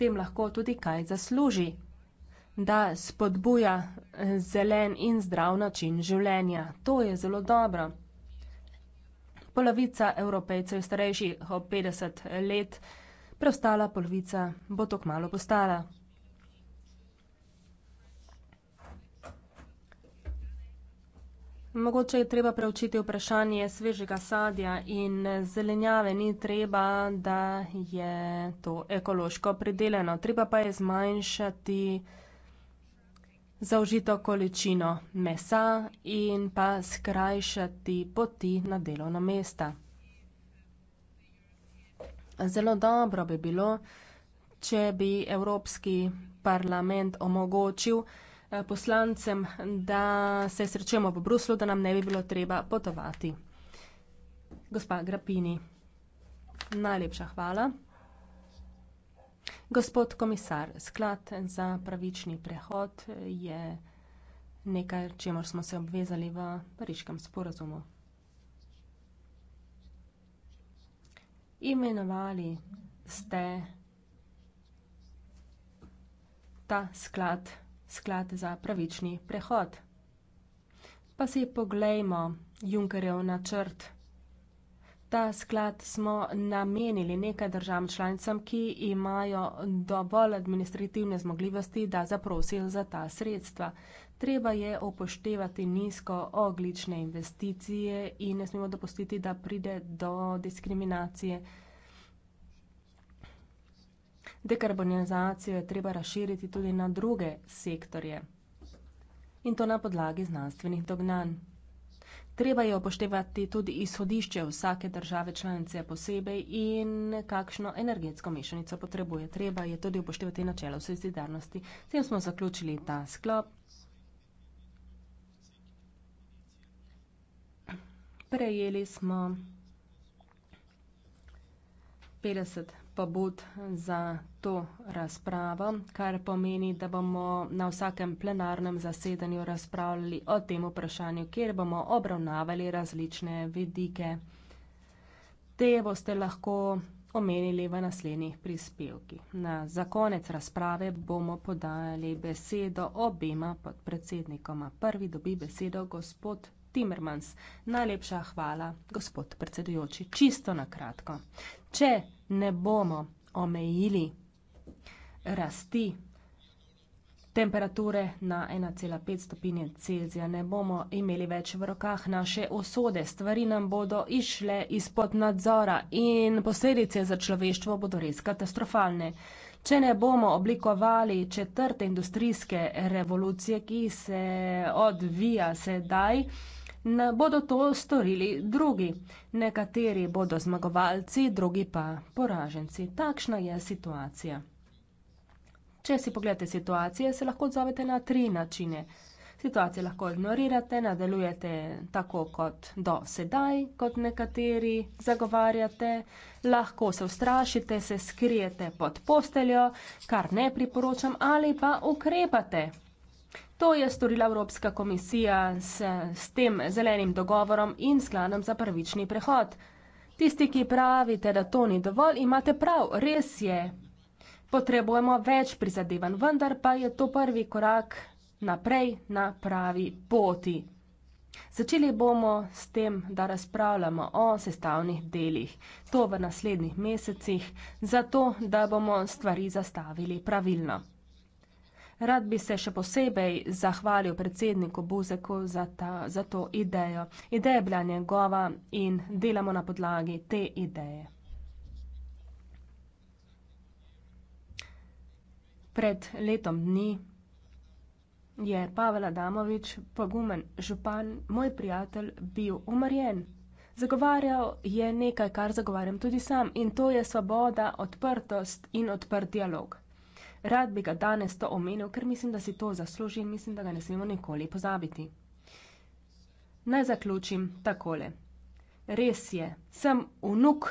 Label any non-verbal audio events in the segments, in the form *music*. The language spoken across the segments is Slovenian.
tem lahko tudi kaj zasluži, da spodbuja eh, zelen in zdrav način življenja. To je zelo dobro. Polovica evropejcev je starejših od 50 let, preostala polovica bo to kmalo postala. Mogoče je treba preučiti vprašanje svežega sadja in zelenjave, ni treba, da je to ekološko pridelano. Treba pa je zmanjšati zaužito količino mesa in pa skrajšati poti na delovna mesta. Zelo dobro bi bilo, če bi Evropski parlament omogočil, Eh, poslancem, da se srečujemo v Bruslu, da nam ne bi bilo treba potovati. Gospa Grapini, najlepša hvala. Gospod komisar, sklad za pravični prehod je nekaj, čemu smo se obvezali v pariškem sporazumu. Imenovali ste ta sklad sklad za pravični prehod. Pa si poglejmo Junkerjev načrt. Ta sklad smo namenili nekaj državam članicam, ki imajo dovolj administrativne zmogljivosti, da zaprosijo za ta sredstva. Treba je upoštevati nizko oglične investicije in ne smemo dopustiti, da pride do diskriminacije. Dekarbonizacijo je treba razširiti tudi na druge sektorje in to na podlagi znanstvenih dognanj. Treba je upoštevati tudi izhodišče vsake države članice posebej in kakšno energetsko mešanico potrebuje. Treba je tudi upoštevati načelo sezidarnosti. S tem smo zaključili ta sklop. Prejeli smo 50 pa bod za to razpravo, kar pomeni, da bomo na vsakem plenarnem zasedanju razpravljali o tem vprašanju, kjer bomo obravnavali različne vidike. Te boste lahko omenili v naslednjih prispevki. Na za konec razprave bomo podajali besedo obema podpredsednikoma. Prvi dobi besedo gospod Timmermans. Najlepša hvala, gospod predsedujoči. Čisto na kratko. Če ne bomo omejili rasti temperature na 1,5 stopinje Celzija, ne bomo imeli več v rokah naše usode. Stvari nam bodo išle izpod nadzora in posledice za človeštvo bodo res katastrofalne. Če ne bomo oblikovali četrte industrijske revolucije, ki se odvija sedaj, ne bodo to storili drugi. Nekateri bodo zmagovalci, drugi pa poraženci. Takšna je situacija. Če si pogledate situacije, se lahko odzovete na tri načine. Situacije lahko ignorirate, nadaljujete tako kot do sedaj, kot nekateri zagovarjate, lahko se ustrašite, se skrijete pod posteljo, kar ne priporočam, ali pa ukrepate. To je storila Evropska komisija s, s tem zelenim dogovorom in skladom za pravični prehod. Tisti, ki pravite, da to ni dovolj, imate prav, res je. Potrebujemo več prizadevanj, vendar pa je to prvi korak naprej na pravi poti. Začeli bomo s tem, da razpravljamo o sestavnih delih, to v naslednjih mesecih, zato da bomo stvari zastavili pravilno. Rad bi se še posebej zahvalil predsedniku Buzeku za, ta, za to idejo. Ideja je bila njegova in delamo na podlagi te ideje. Pred letom dni je Pavel Adamovič, pogumen župan, moj prijatelj, bil umrjen. Zagovarjal je nekaj, kar zagovarjam tudi sam in to je svoboda, odprtost in odprt dialog rad bi ga danes to omenil, ker mislim, da si to zasluži in mislim, da ga ne smemo nikoli pozabiti. Naj zaključim takole. Res je, sem unuk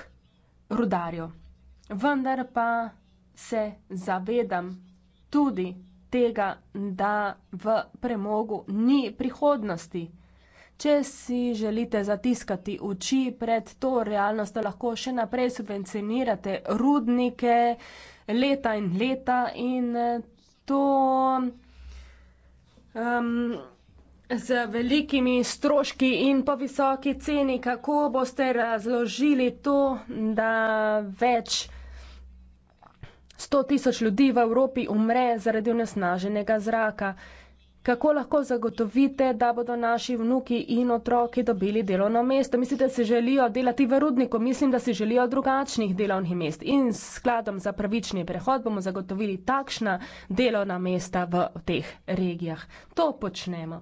rudarjo, vendar pa se zavedam tudi tega, da v premogu ni prihodnosti. Če si želite zatiskati oči pred to realnost, da lahko še naprej subvencionirate rudnike, leta in leta in eh, to um, z velikimi stroški in po visoki ceni, kako boste razložili to, da več 100 tisoč ljudi v Evropi umre zaradi onesnaženega zraka kako lahko zagotovite, da bodo naši vnuki in otroki dobili delovno mesto. Mislite, da si želijo delati v rudniku, mislim, da si želijo drugačnih delovnih mest. In s skladom za pravični prehod bomo zagotovili takšna delovna mesta v teh regijah. To počnemo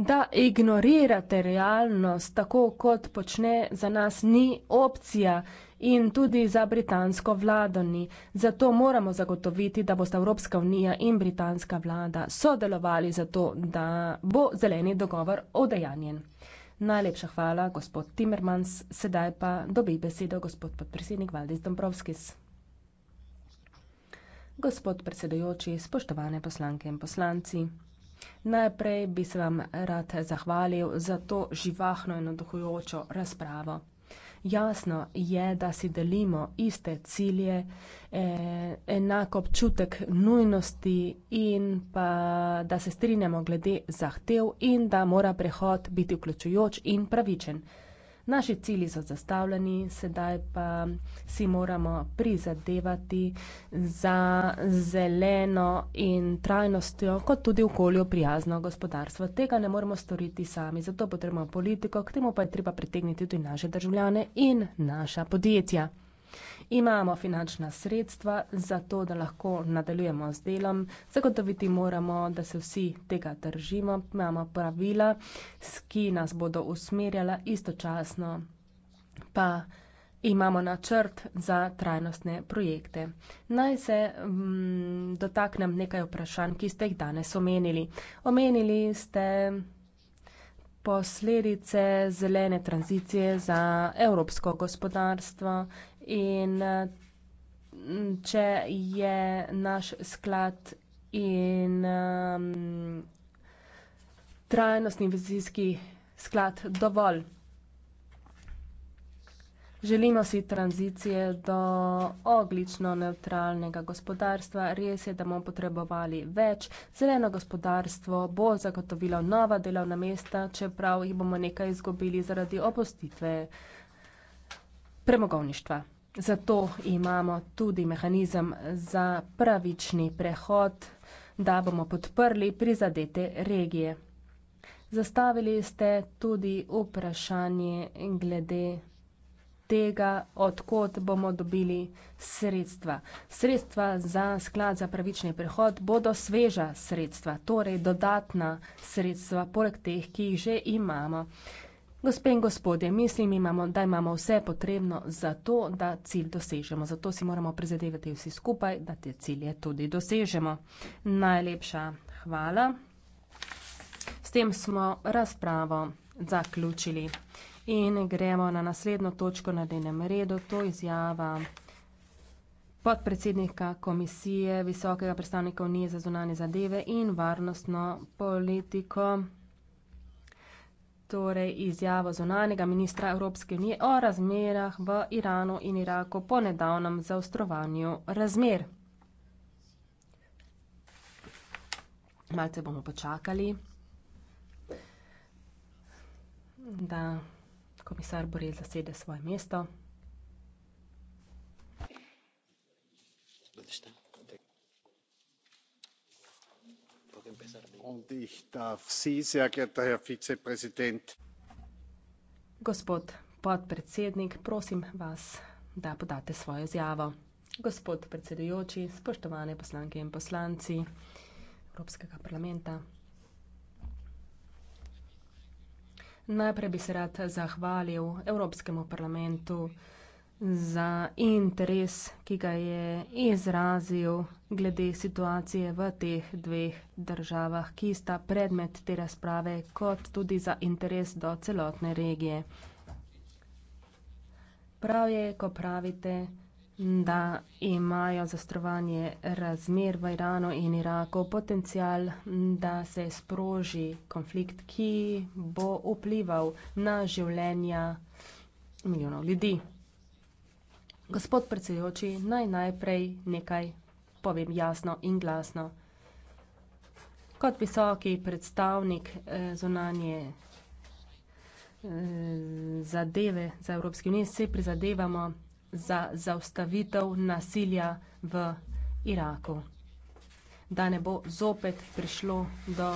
da ignorirate realnost, tako kot počne za nas ni opcija in tudi za britansko vlado ni. Zato moramo zagotoviti, da bosta Evropska unija in britanska vlada sodelovali za to, da bo zeleni dogovor odejanjen. Najlepša hvala, gospod Timmermans. Sedaj pa dobi besedo gospod podpredsednik Valdis Dombrovskis. Gospod predsedujoči, spoštovane poslanke in poslanci. Najprej bi se vam rad zahvalil za to živahno in oduhujočo razpravo. Jasno je, da si delimo iste cilje, e, enako občutek nujnosti in pa da se strinjamo glede zahtev in da mora prehod biti vključujoč in pravičen. Naši cilji so zastavljeni, sedaj pa si moramo prizadevati za zeleno in trajnostjo, kot tudi okolju prijazno gospodarstvo. Tega ne moramo storiti sami, zato potrebujemo politiko, k temu pa je treba pritegniti tudi naše državljane in naša podjetja. Imamo finančna sredstva za to, da lahko nadaljujemo z delom. Zagotoviti moramo, da se vsi tega držimo. Imamo pravila, ki nas bodo usmerjala istočasno. Pa imamo načrt za trajnostne projekte. Naj se mm, dotaknem nekaj vprašanj, ki ste jih danes omenili. Omenili ste posledice zelene tranzicije za evropsko gospodarstvo, in eh, če je naš sklad in um, trajnostni investicijski sklad dovolj. Želimo si tranzicije do oglično neutralnega gospodarstva. Res je, da bomo potrebovali več. Zeleno gospodarstvo bo zagotovilo nova delovna mesta, čeprav jih bomo nekaj izgubili zaradi opustitve premogovništva. Zato imamo tudi mehanizem za pravični prehod, da bomo podprli prizadete regije. Zastavili ste tudi vprašanje glede tega, odkot bomo dobili sredstva. Sredstva za sklad za pravični prehod bodo sveža sredstva, torej dodatna sredstva, poleg teh, ki jih že imamo. Gospe in gospodje, mislim, imamo, da imamo vse potrebno za to, da cilj dosežemo. Zato si moramo prizadevati vsi skupaj, da te cilje tudi dosežemo. Najlepša hvala. S tem smo razpravo zaključili in gremo na naslednjo točko na denem redu. To izjava podpredsednika komisije, visokega predstavnika Unije za zunanje zadeve in varnostno politiko torej izjavo zunanega ministra Evropske unije o razmerah v Iranu in Iraku po nedavnem zaostrovanju razmer. Malce bomo počakali, da komisar Borel zasede svoje mesto. Hvala. und ich darf Sie, sehr geehrter Herr Vizepräsident. Gospod podpredsednik, prosim vas, da podate svojo izjavo. Gospod predsedujoči, spoštovane poslanke in poslanci Evropskega parlamenta. Najprej bi se rad zahvalil Evropskemu parlamentu za interes, ki ga je izrazil glede situacije v teh dveh državah, ki sta predmet te razprave, kot tudi za interes do celotne regije. Prav je, ko pravite, da imajo zastrovanje razmer v Iranu in Iraku potencial, da se sproži konflikt, ki bo vplival na življenja milijonov ljudi. Gospod predsedujoči, naj najprej nekaj povem jasno in glasno. Kot visoki predstavnik eh, zunanje eh, zadeve za Evropski unij se prizadevamo za zaustavitev nasilja v Iraku. Da ne bo zopet prišlo do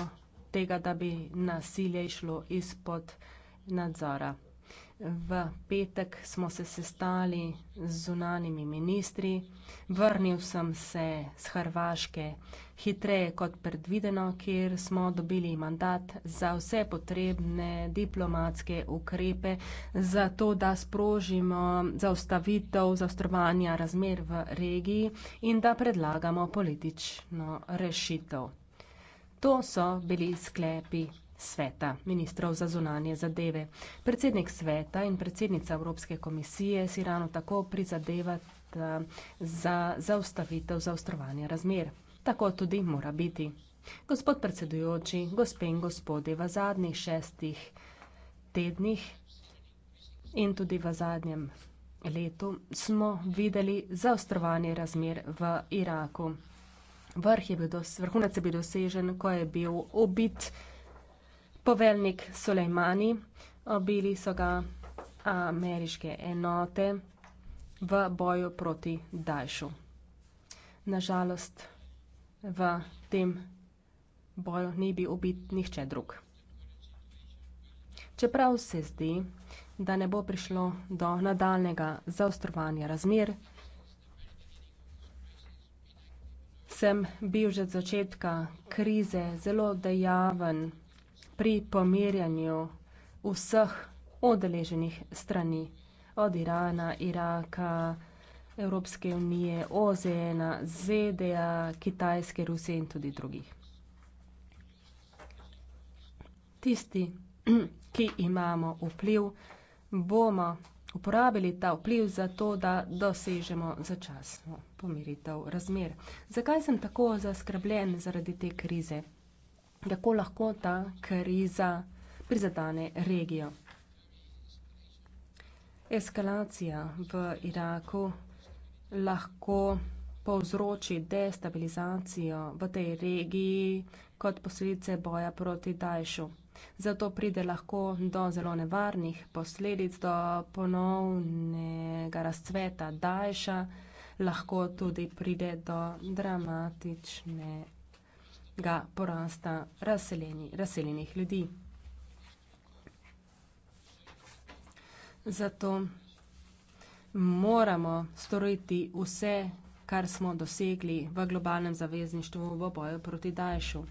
tega, da bi nasilje išlo izpod nadzora. V petek smo se sestali z zunanimi ministri, vrnil sem se z Hrvaške hitreje kot predvideno, kjer smo dobili mandat za vse potrebne diplomatske ukrepe, za to, da sprožimo zaustavitev zaostrovanja razmer v regiji in da predlagamo politično rešitev. To so bili sklepi sveta ministrov za zunanje zadeve. Predsednik sveta in predsednica Evropske komisije si ravno tako prizadevata za zaustavitev zaostrovanja razmer. Tako tudi mora biti. Gospod predsedujoči, gospe in gospode, v zadnjih šestih tednih in tudi v zadnjem letu smo videli zaostrovanje razmer v Iraku. Vrh je bil dos, vrhunec je bil dosežen, ko je bil obit poveljnik Sulejmani, obili so ga ameriške enote v boju proti Dajšu. Nažalost, v tem boju ni bil ubit nihče drug. Čeprav se zdi, da ne bo prišlo do nadaljnega zaostrovanja razmer, sem bil že od začetka krize zelo dejaven pri pomirjanju vseh odeleženih strani, od Irana, Iraka, Evropske unije, OZN, ZDA, Kitajske, Rusije in tudi drugih. Tisti, *clears throat* ki imamo vpliv, bomo uporabili ta vpliv za to, da dosežemo začasno pomiritev razmer. Zakaj sem tako zaskrbljen zaradi te krize? kako lahko ta kriza prizadane regijo. Eskalacija v Iraku lahko povzroči destabilizacijo v tej regiji kot posledice boja proti Dajšu. Zato pride lahko do zelo nevarnih posledic, do ponovnega razcveta Dajša, lahko tudi pride do dramatične ga porasta razseljeni, razseljenih ljudi. Zato moramo storiti vse, kar smo dosegli v globalnem zavezništvu v boju proti Dajšu.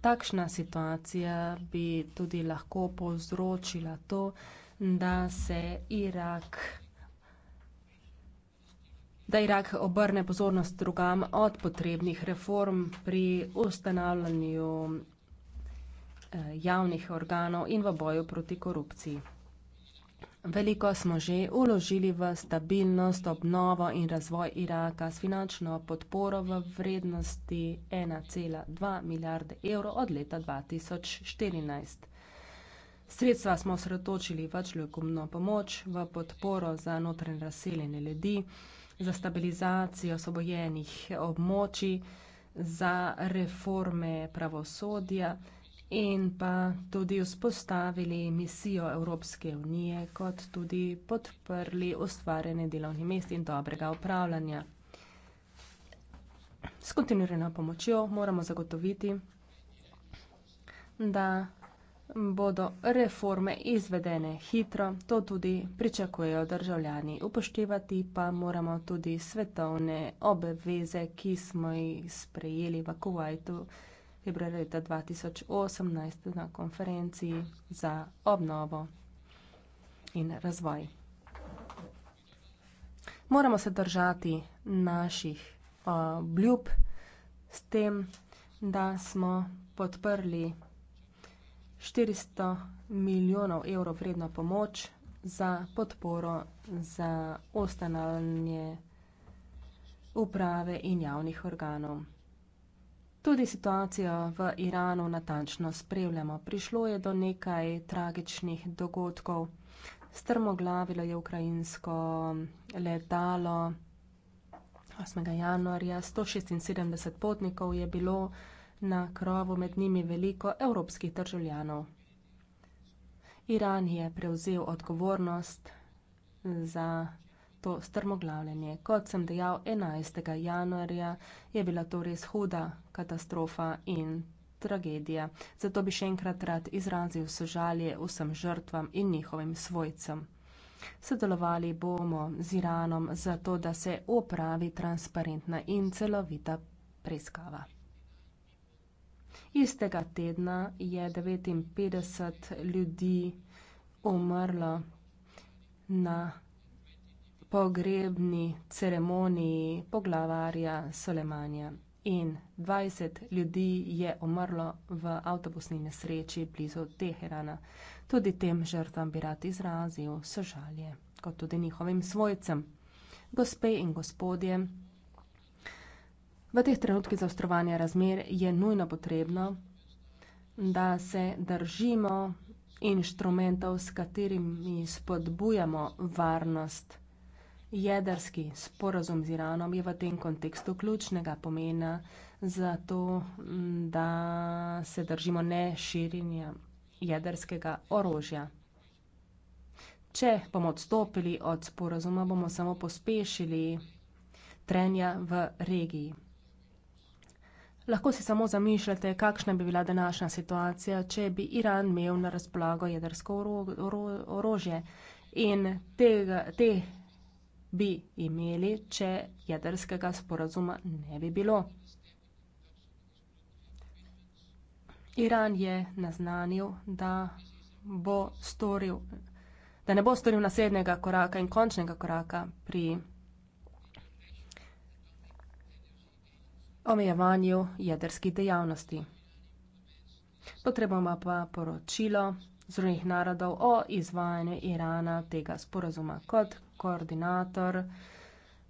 Takšna situacija bi tudi lahko povzročila to, da se Irak da Irak obrne pozornost drugam od potrebnih reform pri ustanavljanju eh, javnih organov in v boju proti korupciji. Veliko smo že uložili v stabilnost, obnovo in razvoj Iraka s finančno podporo v vrednosti 1,2 milijarde evrov od leta 2014. Sredstva smo sredočili v človekovno pomoč, v podporo za notranje razseljene ljudi, za stabilizacijo osvobojenih območij, za reforme pravosodja in pa tudi vzpostavili misijo Evropske unije, kot tudi podprli ustvarjene delovnih mest in dobrega upravljanja. S kontinuirano pomočjo moramo zagotoviti, da bodo reforme izvedene hitro, to tudi pričakujejo državljani. Upoštevati pa moramo tudi svetovne obveze, ki smo jih sprejeli v Kuwaitu februarja 2018 na konferenciji za obnovo in razvoj. Moramo se držati naših obljub uh, s tem, da smo podprli 400 milijonov evrov vredna pomoč za podporo za ostanovanje uprave in javnih organov. Tudi situacijo v Iranu natančno spremljamo. Prišlo je do nekaj tragičnih dogodkov. Strmoglavilo je ukrajinsko letalo 8. januarja, 176 potnikov je bilo na krovu med njimi veliko evropskih državljanov. Iran je prevzel odgovornost za to strmoglavljanje. Kot sem dejal, 11. januarja je bila to res huda katastrofa in tragedija. Zato bi še enkrat rad izrazil sožalje vsem žrtvam in njihovim svojcem. Sodelovali bomo z Iranom za to, da se opravi transparentna in celovita preiskava. Istega tedna je 59 ljudi umrlo na pogrebni ceremoniji poglavarja Solemanja in 20 ljudi je umrlo v avtobusni nesreči blizu Teherana. Tudi tem žrtvam bi rad izrazil sožalje, kot tudi njihovim svojcem. Gospe in gospodje, V teh trenutkih zaostrovanja razmer je nujno potrebno, da se držimo inštrumentov, s katerimi spodbujamo varnost. Jedrski sporazum z Iranom je v tem kontekstu ključnega pomena za to, da se držimo ne širinja jedrskega orožja. Če bomo odstopili od sporazuma, bomo samo pospešili trenja v regiji. Lahko si samo zamišljate, kakšna bi bila današnja situacija, če bi Iran imel na razpolago jedrsko oro, oro, orožje in tega, te bi imeli, če jedrskega sporazuma ne bi bilo. Iran je naznanil, da, bo storil, da ne bo storil naslednjega koraka in končnega koraka pri. omejevanju jedrskih dejavnosti. Potrebujemo pa poročilo Združenih narodov o izvajanju Irana tega sporazuma. Kot koordinator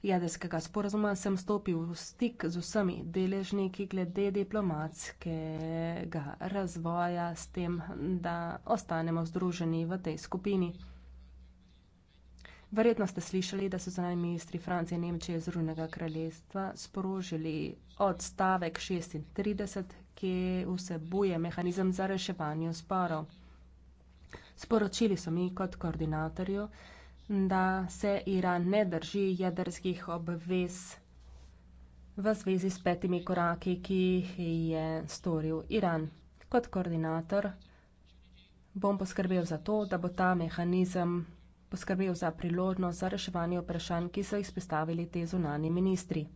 jedrskega sporazuma sem stopil v stik z vsemi deležniki glede diplomatskega razvoja s tem, da ostanemo združeni v tej skupini. Verjetno ste slišali, da so zunanji ministri Francije in Nemčije iz Rujnega kraljestva sporožili odstavek 36, ki vsebuje mehanizem za reševanje sporov. Sporočili so mi kot koordinatorju, da se Iran ne drži jedrskih obvez v zvezi s petimi koraki, ki jih je storil Iran. Kot koordinator bom poskrbel za to, da bo ta mehanizem poskrbel za priložnost za reševanje vprašanj, ki so jih spostavili te zunani ministri.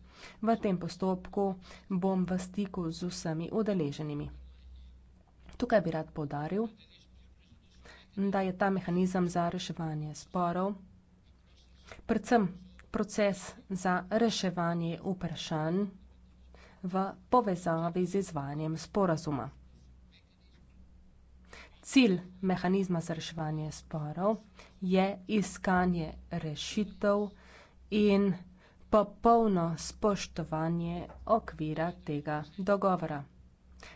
V tem postopku bom v stiku z vsemi udeleženimi. Tukaj bi rad povdaril, da je ta mehanizem za reševanje sporov, predvsem proces za reševanje vprašanj v povezavi z izvanjem sporazuma cilj mehanizma za reševanje sporov je iskanje rešitev in popolno spoštovanje okvira tega dogovora.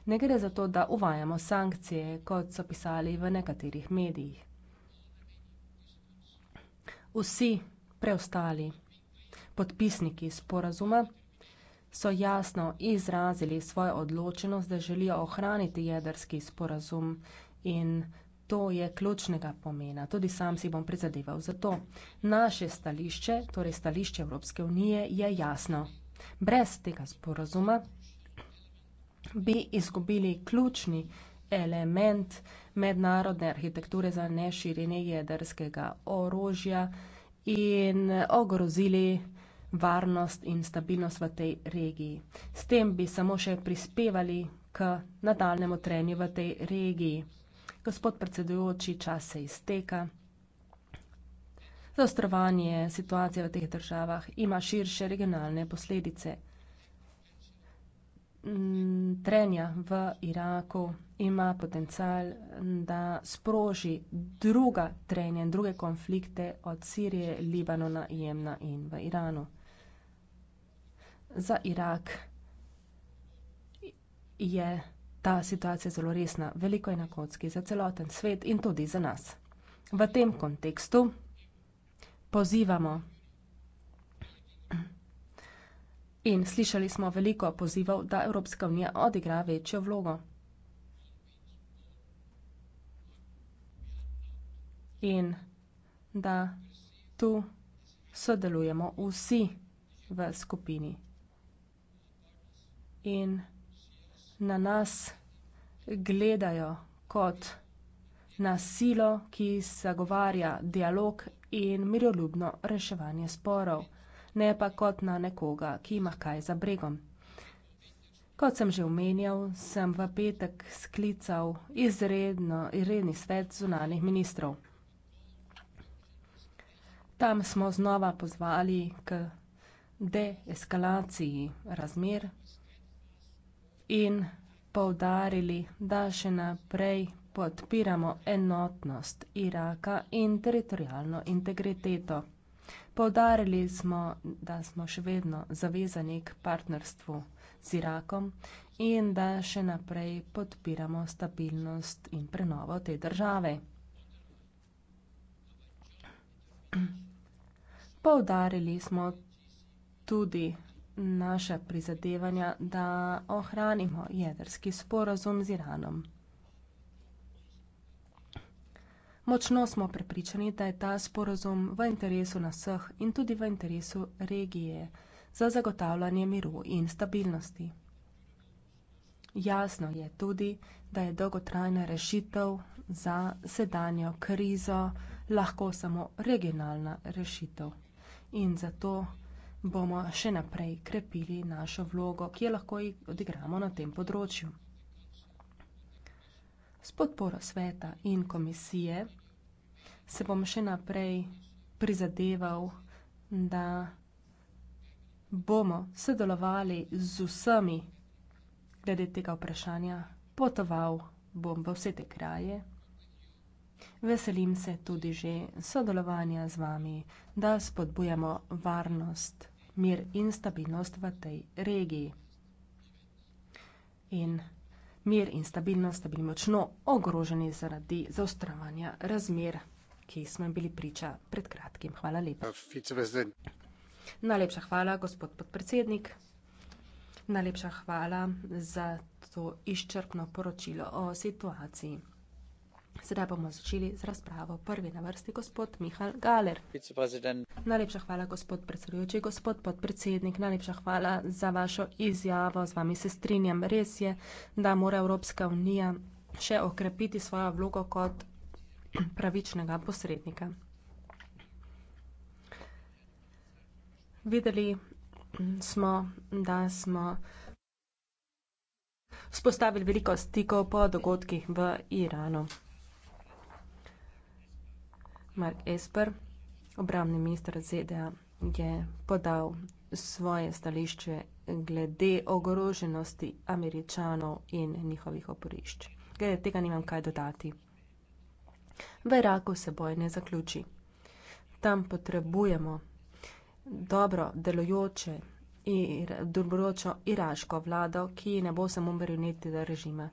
Ne gre za to, da uvajamo sankcije, kot so pisali v nekaterih medijih. Vsi preostali podpisniki sporazuma so jasno izrazili svojo odločenost, da želijo ohraniti jedrski sporazum in to je ključnega pomena. Tudi sam si bom prizadeval za to. Naše stališče, torej stališče Evropske unije, je jasno. Brez tega sporazuma bi izgubili ključni element mednarodne arhitekture za neširjenje jedrskega orožja in ogrozili varnost in stabilnost v tej regiji. S tem bi samo še prispevali k nadaljnemu trenju v tej regiji. Gospod predsedujoči, čas se izteka. Zaostrovanje situacije v teh državah ima širše regionalne posledice. Mm, trenja v Iraku ima potencial, da sproži druga trenja in druge konflikte od Sirije, Libanona, Jemna in v Iranu. Za Irak je Ta situacija je zelo resna, veliko je na kocki za celoten svet in tudi za nas. V tem kontekstu pozivamo in slišali smo veliko pozivov, da Evropska unija odigra večjo vlogo. In da tu sodelujemo vsi v skupini. In da na nas gledajo kot na silo, ki zagovarja dialog in miroljubno reševanje sporov, ne pa kot na nekoga, ki ima kaj za bregom. Kot sem že omenjal, sem v petek sklical izredno, izredni svet zunanih ministrov. Tam smo znova pozvali k deeskalaciji razmer in poudarili, da še naprej podpiramo enotnost Iraka in teritorijalno integriteto. Poudarili smo, da smo še vedno zavezani k partnerstvu z Irakom in da še naprej podpiramo stabilnost in prenovo te države. Poudarili smo tudi, naša prizadevanja, da ohranimo jedrski sporazum z Iranom. Močno smo prepričani, da je ta sporazum v interesu naseh in tudi v interesu regije za zagotavljanje miru in stabilnosti. Jasno je tudi, da je dolgotrajna rešitev za sedanjo krizo lahko samo regionalna rešitev. In zato bomo še naprej krepili našo vlogo, ki jo lahko odigramo na tem področju. S podporo sveta in komisije se bom še naprej prizadeval, da bomo sodelovali z vsemi glede tega vprašanja. Potoval bom v vse te kraje. Veselim se tudi že sodelovanja z vami, da spodbujamo varnost mir in stabilnost v tej regiji. In mir in stabilnost sta bili močno ogroženi zaradi zaostravanja razmer, ki smo jim bili priča pred kratkim. Hvala lepa. Najlepša hvala, gospod podpredsednik. Najlepša hvala za to izčrpno poročilo o situaciji. Sedaj bomo začeli z razpravo. Prvi na vrsti gospod Mihal Galer. Najlepša hvala, gospod predsedujoči, gospod podpredsednik. Najlepša hvala za vašo izjavo. Z vami se strinjam. Res je, da mora Evropska unija še okrepiti svojo vlogo kot pravičnega posrednika. Videli smo, da smo. Spostavili veliko stikov po dogodkih v Iranu. Mark Esper, obramni minister ZDA, je podal svoje stališče glede ogroženosti američanov in njihovih oporišč. Glede tega nimam kaj dodati. V Iraku se boj ne zaključi. Tam potrebujemo dobro delujoče in dobročo iraško vlado, ki ne bo samo marionetila režima.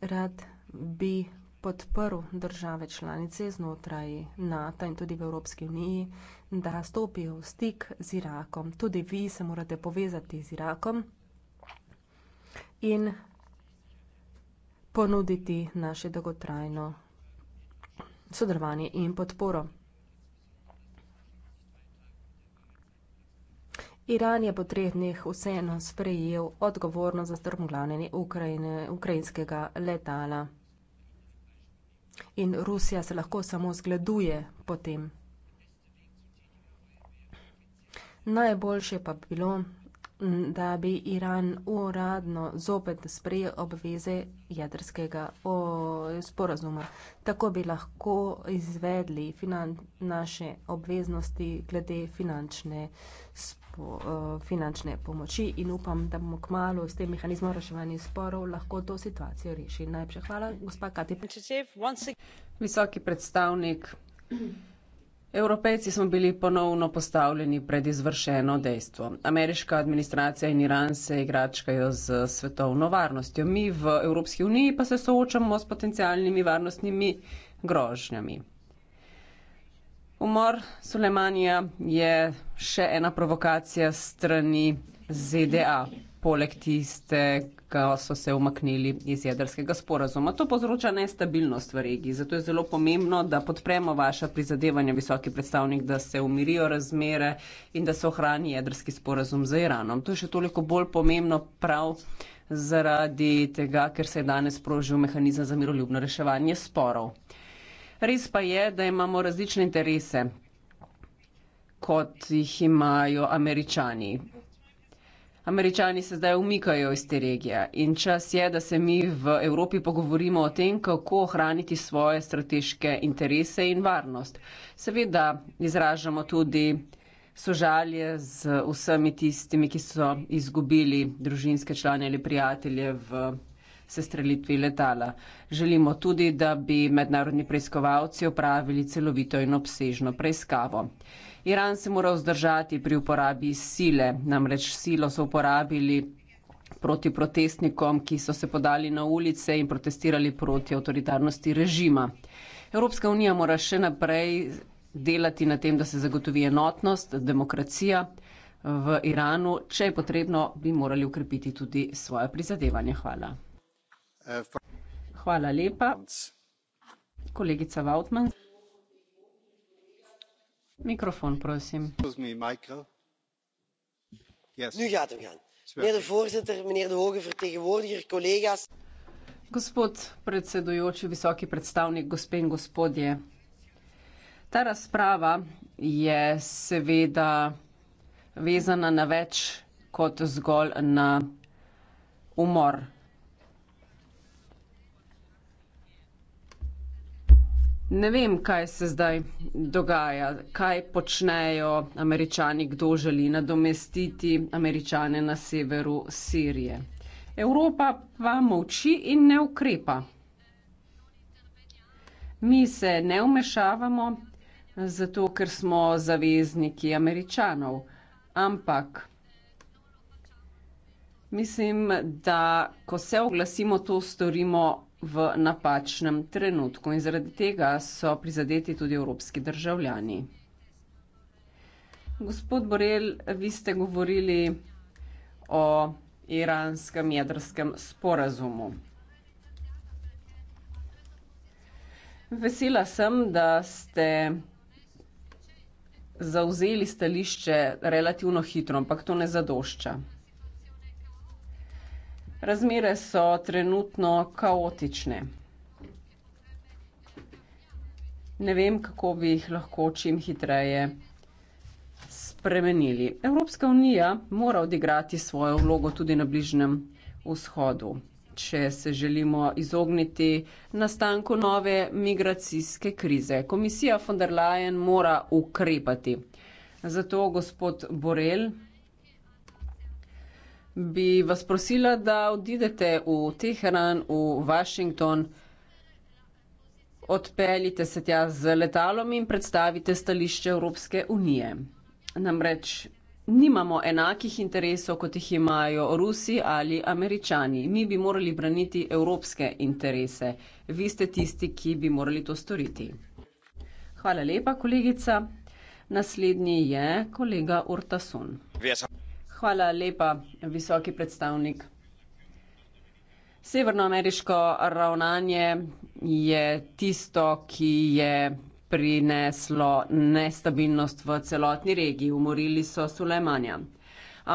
Rad bi podprl države članice znotraj NATO in tudi v Evropski uniji, da stopijo v stik z Irakom. Tudi vi se morate povezati z Irakom in ponuditi naše dolgotrajno sodelovanje in podporo. Iran je po treh dneh vseeno sprejel odgovornost za strmoglavljanje Ukrajine, ukrajinskega letala. In Rusija se lahko samo zgleduje po tem. Najboljše pa bi bilo, da bi Iran uradno zopet sprejel obveze jedrskega sporazuma. Tako bi lahko izvedli finan naše obveznosti glede finančne, finančne pomoči in upam, da bomo kmalo s tem mehanizmom reševanja sporov lahko to situacijo rešili. Najprej hvala, gospa Kati. Visoki predstavnik. Evropejci smo bili ponovno postavljeni pred izvršeno dejstvo. Ameriška administracija in Iran se igračkajo z svetovno varnostjo, mi v Evropski uniji pa se soočamo s potencialnimi varnostnimi grožnjami. Umor Sulemanija je še ena provokacija strani ZDA poleg tiste, ki so se umaknili iz jedrskega sporazuma. To povzroča nestabilnost v regiji, zato je zelo pomembno, da podpremo vaša prizadevanja, visoki predstavnik, da se umirijo razmere in da se ohrani jedrski sporazum z Iranom. To je še toliko bolj pomembno prav zaradi tega, ker se je danes sprožil mehanizem za miroljubno reševanje sporov. Res pa je, da imamo različne interese kot jih imajo američani. Američani se zdaj umikajo iz te regije in čas je, da se mi v Evropi pogovorimo o tem, kako ohraniti svoje strateške interese in varnost. Seveda izražamo tudi sožalje z vsemi tistimi, ki so izgubili družinske člane ali prijatelje v sestrelitvi letala. Želimo tudi, da bi mednarodni preiskovalci opravili celovito in obsežno preiskavo. Iran se mora vzdržati pri uporabi sile, namreč silo so uporabili proti protestnikom, ki so se podali na ulice in protestirali proti avtoritarnosti režima. Evropska unija mora še naprej delati na tem, da se zagotovi enotnost, demokracija v Iranu. Če je potrebno, bi morali ukrepiti tudi svoje prizadevanje. Hvala. Eh, Hvala lepa. Kolegica Vautman gospod predsedujoči visoki predstavnik gospe in gospodje ta razprava je seveda vezana na več kot zgolj na umor Ne vem, kaj se zdaj dogaja, kaj počnejo američani, kdo želi nadomestiti američane na severu Sirije. Evropa pa moči in ne ukrepa. Mi se ne umešavamo, zato ker smo zavezniki američanov, ampak mislim, da ko se oglasimo, to storimo v napačnem trenutku in zaradi tega so prizadeti tudi evropski državljani. Gospod Borel, vi ste govorili o iranskem jedrskem sporazumu. Vesela sem, da ste zavzeli stališče relativno hitro, ampak to ne zadošča. Razmere so trenutno kaotične. Ne vem, kako bi jih lahko čim hitreje spremenili. Evropska unija mora odigrati svojo vlogo tudi na bližnjem vzhodu, če se želimo izogniti nastanku nove migracijske krize. Komisija von der Leyen mora ukrepati. Zato gospod Borel, bi vas prosila, da odidete v Teheran, v Washington, odpeljite se tja z letalom in predstavite stališče Evropske unije. Namreč nimamo enakih interesov, kot jih imajo Rusi ali Američani. Mi bi morali braniti evropske interese. Vi ste tisti, ki bi morali to storiti. Hvala lepa, kolegica. Naslednji je kolega Urtasun. Vesel. Hvala lepa, visoki predstavnik. Severnoameriško ravnanje je tisto, ki je prineslo nestabilnost v celotni regiji. Umorili so Sulemanja.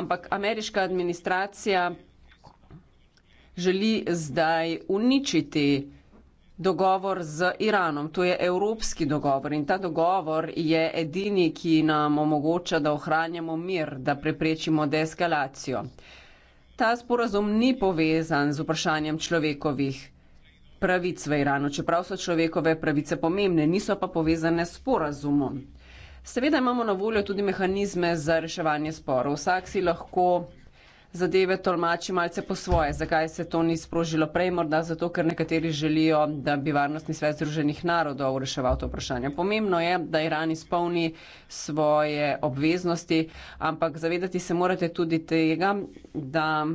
Ampak ameriška administracija želi zdaj uničiti dogovor z Iranom. To je evropski dogovor in ta dogovor je edini, ki nam omogoča, da ohranjamo mir, da preprečimo deeskalacijo. Ta sporazum ni povezan z vprašanjem človekovih pravic v Iranu, čeprav so človekove pravice pomembne, niso pa povezane s sporazumom. Seveda imamo na voljo tudi mehanizme za reševanje sporov. Vsak si lahko zadeve tolmači malce po svoje. Zakaj se to ni sprožilo prej? Morda zato, ker nekateri želijo, da bi Varnostni svet Združenih narodov reševal to vprašanje. Pomembno je, da Iran izpolni svoje obveznosti, ampak zavedati se morate tudi tega, da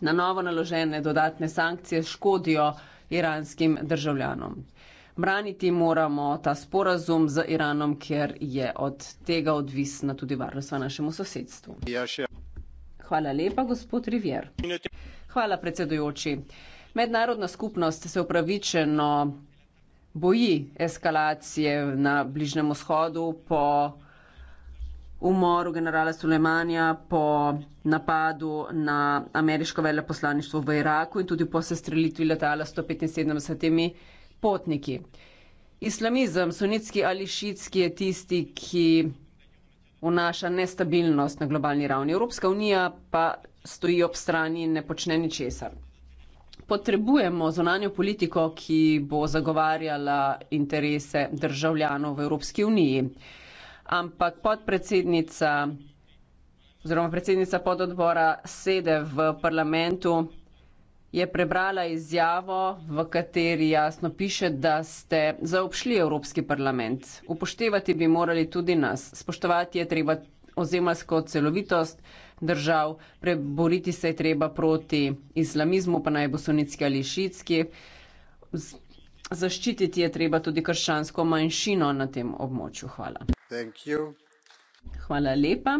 na novo naložene dodatne sankcije škodijo iranskim državljanom. Braniti moramo ta sporazum z Iranom, ker je od tega odvisna tudi varnost v našem sosedstvu. Ja, Hvala lepa, gospod Rivier. Hvala, predsedujoči. Mednarodna skupnost se upravičeno boji eskalacije na Bližnem vzhodu po umoru generala Sulemanja, po napadu na ameriško veleposlaništvo v Iraku in tudi po sestrelitvi letala 175 potniki. Islamizem, sunitski ali šitski, je tisti, ki vnaša nestabilnost na globalni ravni. Evropska unija pa stoji ob strani in ne počne ničesar. Potrebujemo zonanjo politiko, ki bo zagovarjala interese državljanov v Evropski uniji. Ampak podpredsednica oziroma predsednica pododbora sede v parlamentu je prebrala izjavo, v kateri jasno piše, da ste zaobšli Evropski parlament. Upoštevati bi morali tudi nas. Spoštovati je treba ozemalsko celovitost držav, preboriti se je treba proti islamizmu, pa naj bo sunitski ali šitski. Zaščititi je treba tudi krščansko manjšino na tem območju. Hvala. Hvala lepa.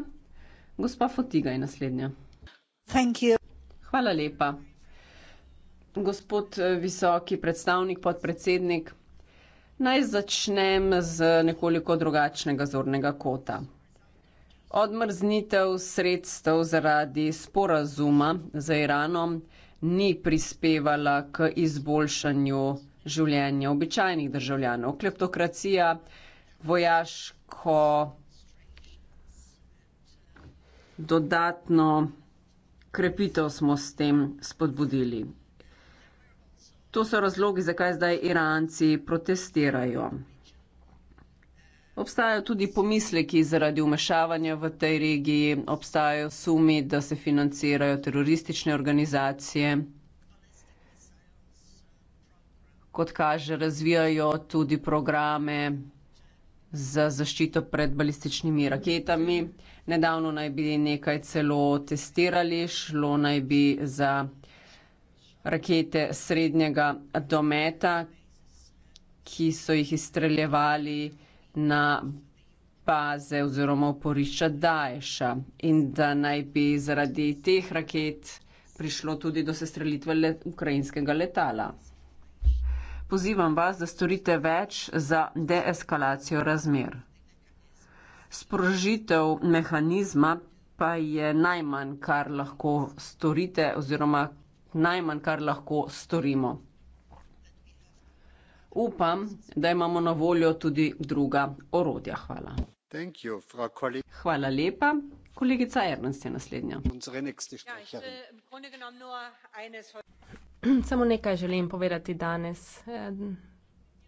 Gospa Fotiga je naslednja. Hvala lepa. Gospod eh, visoki predstavnik, podpredsednik, naj začnem z nekoliko drugačnega zornega kota. Odmrznitev sredstev zaradi sporazuma z Iranom ni prispevala k izboljšanju življenja običajnih državljanov. Kleptokracija, vojaško dodatno krepitev smo s tem spodbudili. To so razlogi, zakaj zdaj Iranci protestirajo. Obstajajo tudi pomisleki zaradi umešavanja v tej regiji, obstajajo sumi, da se financirajo teroristične organizacije. Kot kaže, razvijajo tudi programe za zaščito pred balističnimi raketami. Nedavno naj bi nekaj celo testirali, šlo naj bi za rakete srednjega dometa, ki so jih izstreljevali na baze oziroma oporišča Daesha in da naj bi zaradi teh raket prišlo tudi do sestrelitve let ukrajinskega letala. Pozivam vas, da storite več za deeskalacijo razmer. Sprožitev mehanizma pa je najmanj, kar lahko storite oziroma najmanj, kar lahko storimo. Upam, da imamo na voljo tudi druga orodja. Hvala. You, Hvala lepa. Kolegica Ernst je naslednja. Ja, äh, hm, samo nekaj želim povedati danes. Eh,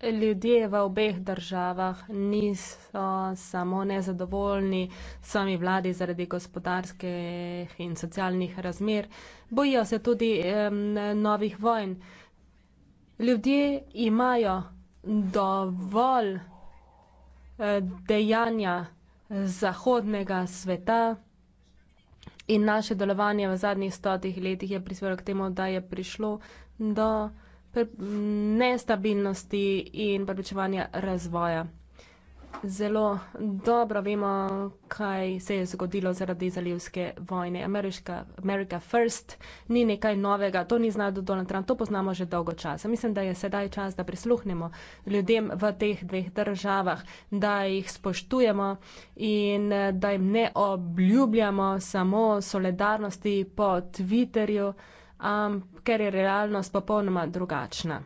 Ljudje v obeh državah niso samo nezadovoljni s sami vladi zaradi gospodarskih in socialnih razmer, bojijo se tudi eh, novih vojn. Ljudje imajo dovolj e, dejanja zahodnega sveta in naše delovanje v zadnjih stotih letih je prispelo k temu, da je prišlo do nestabilnosti in preprečevanja razvoja. Zelo dobro vemo, kaj se je zgodilo zaradi zalivske vojne. Ameriška, America First ni nekaj novega, to ni znal Donald Trump, to poznamo že dolgo časa. Mislim, da je sedaj čas, da prisluhnemo ljudem v teh dveh državah, da jih spoštujemo in da jim ne obljubljamo samo solidarnosti po Twitterju ker je realnost popolnoma drugačna.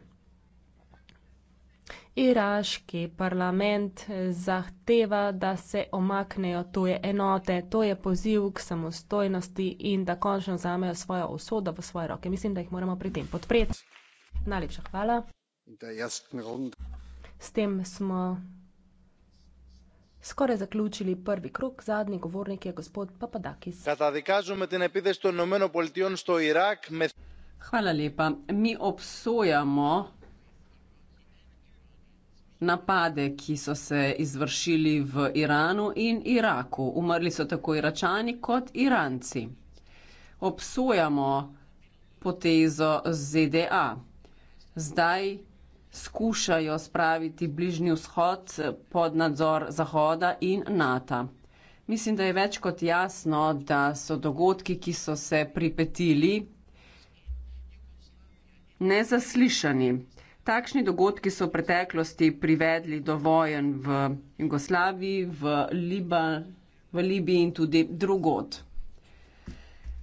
Iraški parlament zahteva, da se omaknejo tuje enote, to je poziv k samostojnosti in da končno vzamejo svojo usodo v svoje roke. Mislim, da jih moramo pri tem podpreti. Najlepša hvala. S tem smo Skoraj zaključili prvi krok, zadnji govornik je gospod Papadakis. Hvala lepa. Mi obsojamo napade, ki so se izvršili v Iranu in Iraku. Umrli so tako iračani kot iranci. Obsojamo potezo ZDA. Zdaj skušajo spraviti bližnji vzhod pod nadzor Zahoda in NATO. Mislim, da je več kot jasno, da so dogodki, ki so se pripetili, nezaslišani. Takšni dogodki so v preteklosti privedli do vojen v Jugoslaviji, v, Liba, v Libiji in tudi drugod.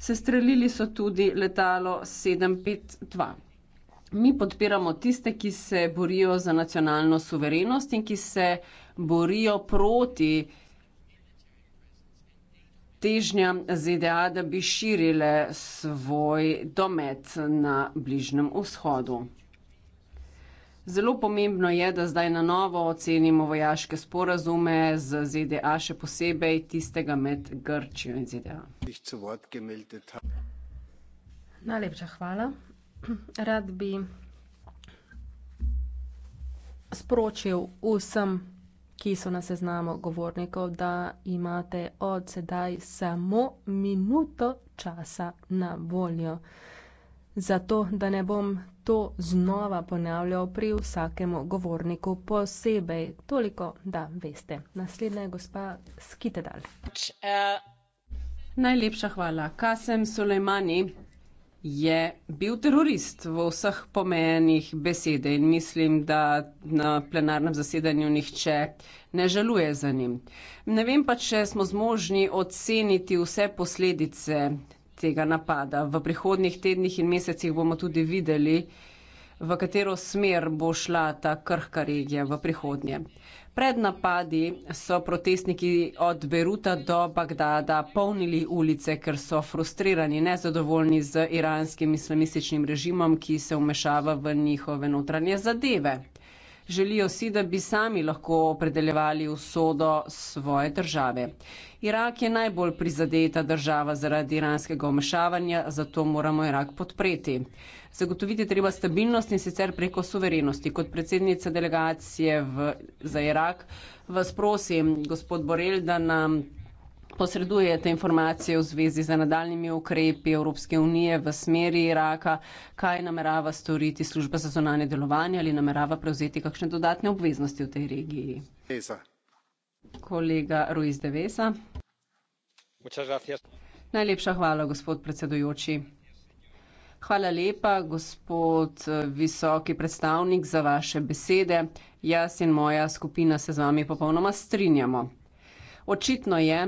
Sestrelili so tudi letalo 752 mi podpiramo tiste, ki se borijo za nacionalno suverenost in ki se borijo proti težnjam ZDA, da bi širile svoj domet na Bližnem vzhodu. Zelo pomembno je, da zdaj na novo ocenimo vojaške sporazume z ZDA, še posebej tistega med Grčijo in ZDA. Najlepša hvala rad bi sporočil vsem, ki so na seznamu govornikov, da imate od sedaj samo minuto časa na voljo. Zato, da ne bom to znova ponavljal pri vsakemu govorniku posebej. Toliko, da veste. Naslednja je gospa Skitedal. Uh... Najlepša hvala. Kasem Sulejmani je bil terorist v vseh pomenih besede in mislim, da na plenarnem zasedanju nihče ne žaluje za njim. Ne vem pa, če smo zmožni oceniti vse posledice tega napada. V prihodnih tednih in mesecih bomo tudi videli, v katero smer bo šla ta krhka regija v prihodnje. Pred napadi so protestniki od Beruta do Bagdada polnili ulice, ker so frustrirani, nezadovoljni z iranskim islamističnim režimom, ki se vmešava v njihove notranje zadeve želijo si, da bi sami lahko opredeljevali usodo svoje države. Irak je najbolj prizadeta država zaradi iranskega omešavanja, zato moramo Irak podpreti. Zagotoviti treba stabilnost in sicer preko suverenosti. Kot predsednica delegacije v, za Irak vas prosim, gospod Borel, da nam posredujete informacije v zvezi z nadaljnimi ukrepi Evropske unije v smeri Iraka, kaj namerava storiti služba za zonanje delovanje ali namerava prevzeti kakšne dodatne obveznosti v tej regiji. Deza. Kolega Ruiz de Vesa. Najlepša hvala, gospod predsedujoči. Hvala lepa, gospod visoki predstavnik, za vaše besede. Jaz in moja skupina se z vami popolnoma strinjamo. Očitno je,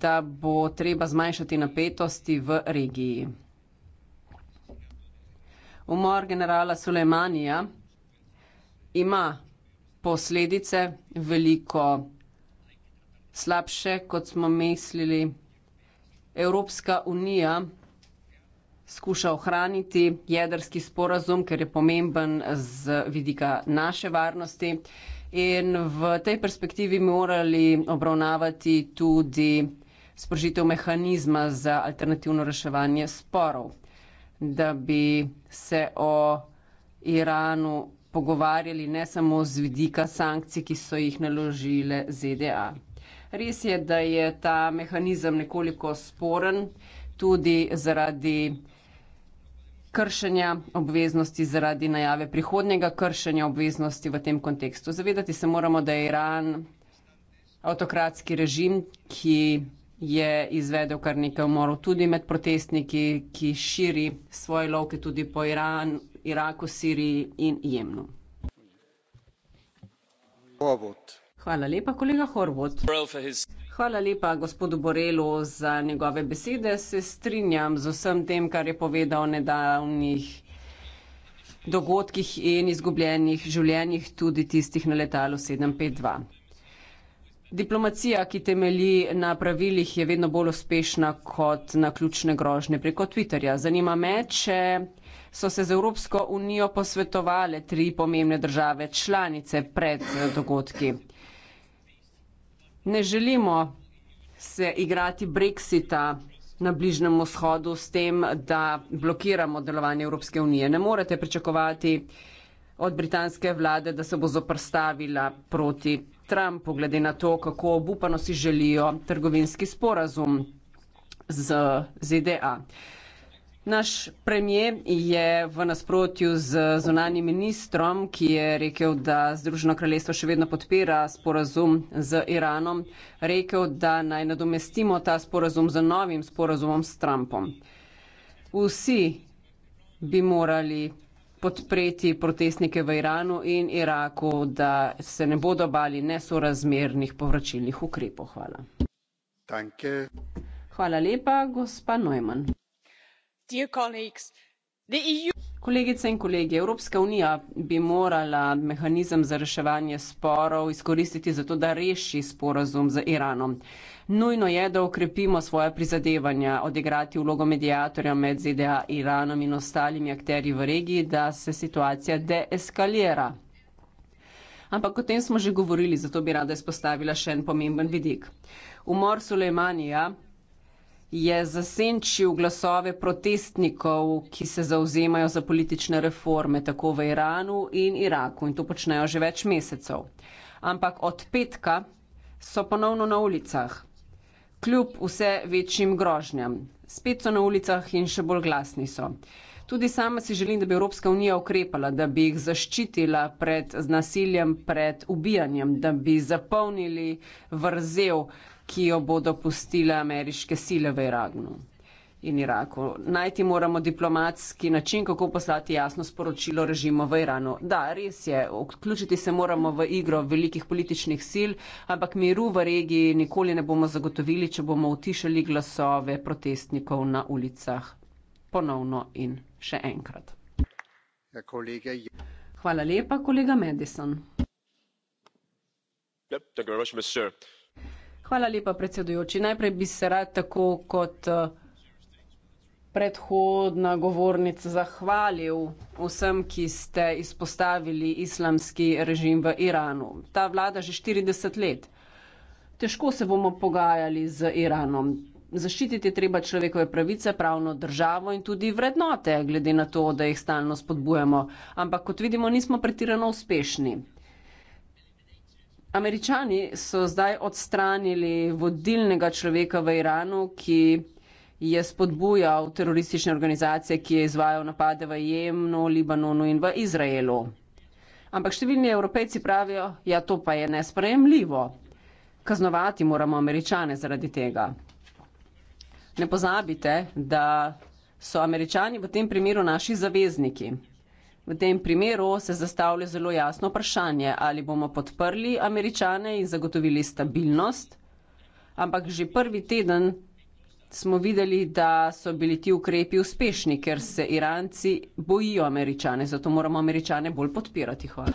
da bo treba zmanjšati napetosti v regiji. Umor generala Sulejmanija ima posledice veliko slabše, kot smo mislili. Evropska unija skuša ohraniti jedrski sporazum, ker je pomemben z vidika naše varnosti in v tej perspektivi morali obravnavati tudi sprožitev mehanizma za alternativno reševanje sporov, da bi se o Iranu pogovarjali ne samo z vidika sankcij, ki so jih naložile ZDA. Res je, da je ta mehanizem nekoliko sporen tudi zaradi kršenja obveznosti zaradi najave prihodnjega kršenja obveznosti v tem kontekstu. Zavedati se moramo, da je Iran avtokratski režim, ki je izvedel kar nekaj umorov tudi med protestniki, ki širi svoje lovke tudi po Iran, Iraku, Siriji in Jemnu. Hvala lepa, kolega Horvot. Hvala lepa gospodu Borelu za njegove besede. Se strinjam z vsem tem, kar je povedal o nedavnih dogodkih in izgubljenih življenjih, tudi tistih na letalu 752. Diplomacija, ki temelji na pravilih, je vedno bolj uspešna kot na ključne grožnje preko Twitterja. Zanima me, če so se z Evropsko unijo posvetovale tri pomembne države članice pred dogodki ne želimo se igrati brexita na Bližnem vzhodu s tem, da blokiramo delovanje Evropske unije. Ne morete pričakovati od britanske vlade, da se bo zoprstavila proti Trumpu, glede na to, kako obupano si želijo trgovinski sporazum z ZDA. Naš premijer je v nasprotju z zunanjim ministrom, ki je rekel, da Združeno kraljestvo še vedno podpira sporazum z Iranom, rekel, da naj nadomestimo ta sporazum z novim sporazumom s Trumpom. Vsi bi morali podpreti protestnike v Iranu in Iraku, da se ne bodo bali nesorazmernih povračilnih ukrepov. Hvala. Danke. Hvala lepa, gospa Neumann. E kolegice in kolegi evropska unija bi morala mehanizem za reševanje sporov izkoristiti za to da reši sporazum z iranom nujno je da okrepimo svoja prizadevanja odigrati vlogo mediatorja med zda iranom in ostalimi akterji v regiji da se situacija deeskalira ampak o tem smo že govorili zato bi rada izpostavila še en pomemben vidik umor sulejmanija je zasenčil glasove protestnikov, ki se zauzemajo za politične reforme, tako v Iranu in Iraku, in to počnejo že več mesecev. Ampak od petka so ponovno na ulicah, kljub vse večjim grožnjam. Spet so na ulicah in še bolj glasni so. Tudi sama si želim, da bi Evropska unija ukrepala, da bi jih zaščitila pred nasiljem, pred ubijanjem, da bi zapolnili vrzel ki jo bodo pustile ameriške sile v Iraku in Iraku. Najti moramo diplomatski način, kako poslati jasno sporočilo režimu v Iranu. Da, res je, vključiti se moramo v igro velikih političnih sil, ampak miru v regiji nikoli ne bomo zagotovili, če bomo utišali glasove protestnikov na ulicah. Ponovno in še enkrat. Ja, kolega... Hvala lepa, kolega Madison. Yep, thank you very much, Mr. Hvala lepa, predsedujoči. Najprej bi se rad tako kot eh, predhodna govornica zahvalil vsem, ki ste izpostavili islamski režim v Iranu. Ta vlada že 40 let. Težko se bomo pogajali z Iranom. Zaščititi je treba človekove pravice, pravno državo in tudi vrednote, glede na to, da jih stalno spodbujamo. Ampak, kot vidimo, nismo pretirano uspešni. Američani so zdaj odstranili vodilnega človeka v Iranu, ki je spodbujal teroristične organizacije, ki je izvajal napade v Jemnu, Libanonu in v Izraelu. Ampak številni evropejci pravijo, ja, to pa je nespremljivo. Kaznovati moramo američane zaradi tega. Ne pozabite, da so američani v tem primeru naši zavezniki. V tem primeru se zastavlja zelo jasno vprašanje, ali bomo podprli američane in zagotovili stabilnost, ampak že prvi teden smo videli, da so bili ti ukrepi uspešni, ker se Iranci bojijo američane, zato moramo američane bolj podpirati. Hvala.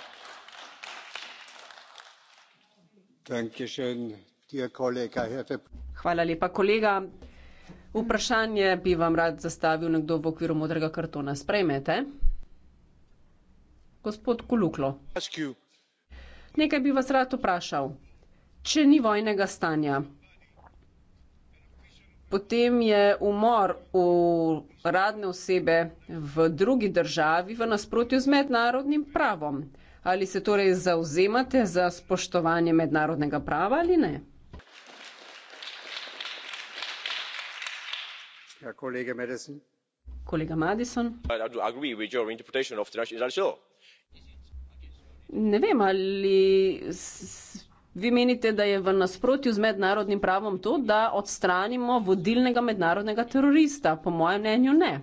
Hvala lepa, kolega. Vprašanje bi vam rad zastavil nekdo v okviru modrega kartona. Sprejmete? Gospod Kuluklo, nekaj bi vas rad vprašal. Če ni vojnega stanja, potem je umor uradne osebe v drugi državi v nasprotju z mednarodnim pravom. Ali se torej zauzemate za spoštovanje mednarodnega prava ali ne? Ja, kolega Madison. Kolega Madison. Ne vem, ali vi menite, da je v nasprotju z mednarodnim pravom to, da odstranimo vodilnega mednarodnega terorista. Po mojem mnenju ne.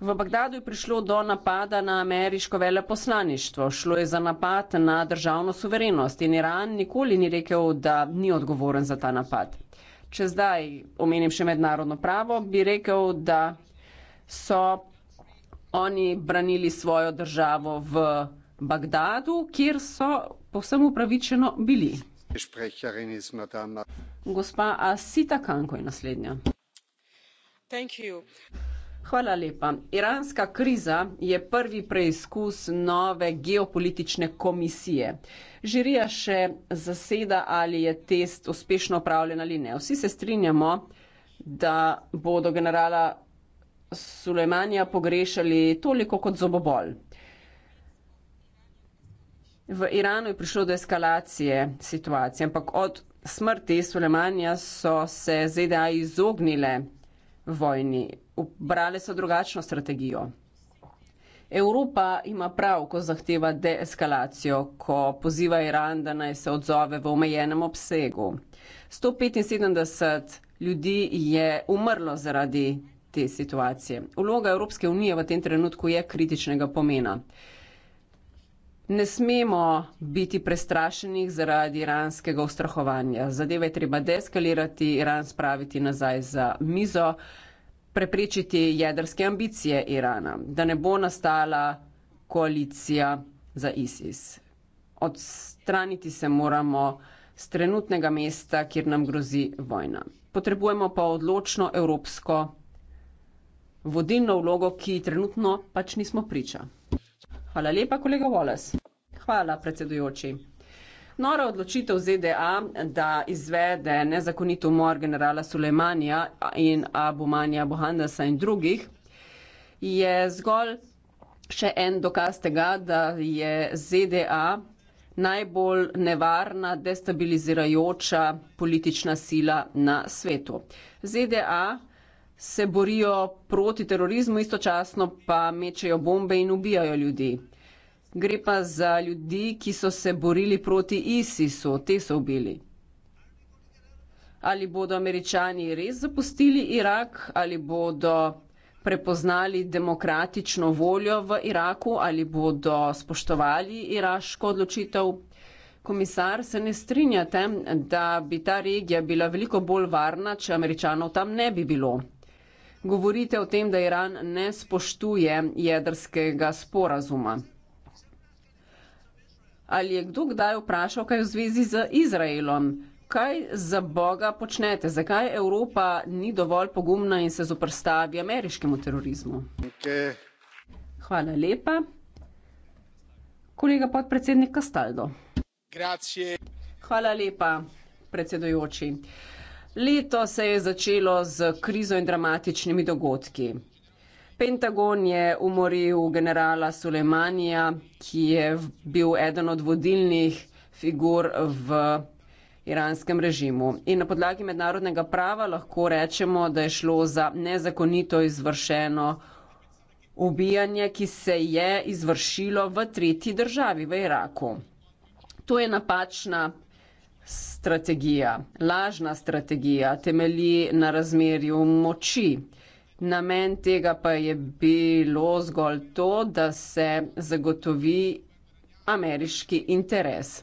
V Bagdadu je prišlo do napada na ameriško veleposlaništvo. Šlo je za napad na državno suverenost in Iran nikoli ni rekel, da ni odgovoren za ta napad. Če zdaj omenim še mednarodno pravo, bi rekel, da so oni branili svojo državo v Bagdadu, kjer so povsem upravičeno bili. Gospa Asita Kanko je naslednja. Hvala lepa. Iranska kriza je prvi preizkus nove geopolitične komisije. Žirija še zaseda, ali je test uspešno upravljen ali ne. Vsi se strinjamo, da bodo generala Sulejmanja pogrešali toliko kot zobobol. V Iranu je prišlo do eskalacije situacije, ampak od smrti Sulemanja so se ZDA izognile vojni, ubrale so drugačno strategijo. Evropa ima prav, ko zahteva deeskalacijo, ko poziva Iran, da naj se odzove v omejenem obsegu. 175 ljudi je umrlo zaradi te situacije. Uloga Evropske unije v tem trenutku je kritičnega pomena. Ne smemo biti prestrašeni zaradi iranskega ustrahovanja. Zadeve je treba deeskalirati, Iran spraviti nazaj za mizo, preprečiti jedrske ambicije Irana, da ne bo nastala koalicija za ISIS. Odstraniti se moramo z trenutnega mesta, kjer nam grozi vojna. Potrebujemo pa odločno evropsko vodilno vlogo, ki trenutno pač nismo priča. Hvala lepa, kolega Wallace. Hvala, predsedujoči. Nora odločitev ZDA, da izvede nezakonito umor generala Sulejmanija in Abumanija Bohandasa in drugih, je zgolj še en dokaz tega, da je ZDA najbolj nevarna, destabilizirajoča politična sila na svetu. ZDA se borijo proti terorizmu, istočasno pa mečejo bombe in ubijajo ljudi. Gre pa za ljudi, ki so se borili proti ISIS-u, te so ubili. Ali bodo američani res zapustili Irak, ali bodo prepoznali demokratično voljo v Iraku, ali bodo spoštovali iraško odločitev. Komisar se ne strinjate, da bi ta regija bila veliko bolj varna, če američanov tam ne bi bilo. Govorite o tem, da Iran ne spoštuje jedrskega sporazuma. Ali je kdo kdaj vprašal, kaj v zvezi z Izraelom? Kaj za Boga počnete? Zakaj Evropa ni dovolj pogumna in se zoprstavi ameriškemu terorizmu? Okay. Hvala lepa. Kolega podpredsednik Kastaldo. Grazie. Hvala lepa, predsedujoči. Uh, Leto se je začelo z krizo in dramatičnimi dogodki. Pentagon je umoril generala Sulejmanija, ki je bil eden od vodilnih figur v iranskem režimu. In na podlagi mednarodnega prava lahko rečemo, da je šlo za nezakonito izvršeno ubijanje, ki se je izvršilo v tretji državi, v Iraku. To je napačna strategija, lažna strategija, temelji na razmerju moči. Namen tega pa je bilo zgolj to, da se zagotovi ameriški interes.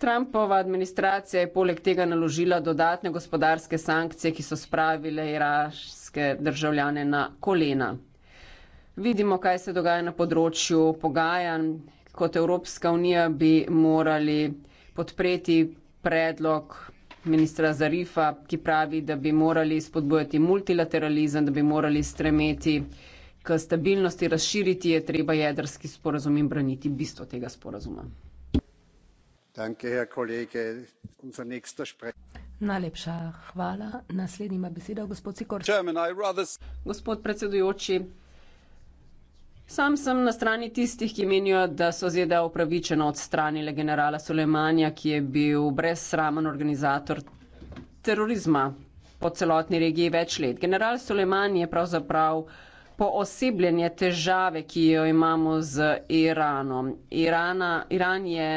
Trumpova administracija je poleg tega naložila dodatne gospodarske sankcije, ki so spravile iraške državljane na kolena. Vidimo, kaj se dogaja na področju pogajanj kot Evropska unija bi morali podpreti predlog ministra Zarifa, ki pravi, da bi morali spodbojati multilateralizem, da bi morali stremeti k stabilnosti, razširiti je treba jedrski sporazum in braniti bistvo tega sporazuma. Danke, herr kolege, unser nächster Sprech. Najlepša hvala. Naslednji ima besedo gospod Sikor. Gospod predsedujoči, Sam sem na strani tistih, ki menijo, da so ZDA upravičeno odstranile generala Sulejmanja, ki je bil brezsramen organizator terorizma po celotni regiji več let. General Sulejman je pravzaprav poosebljenje težave, ki jo imamo z Iranom. Irana, Iran je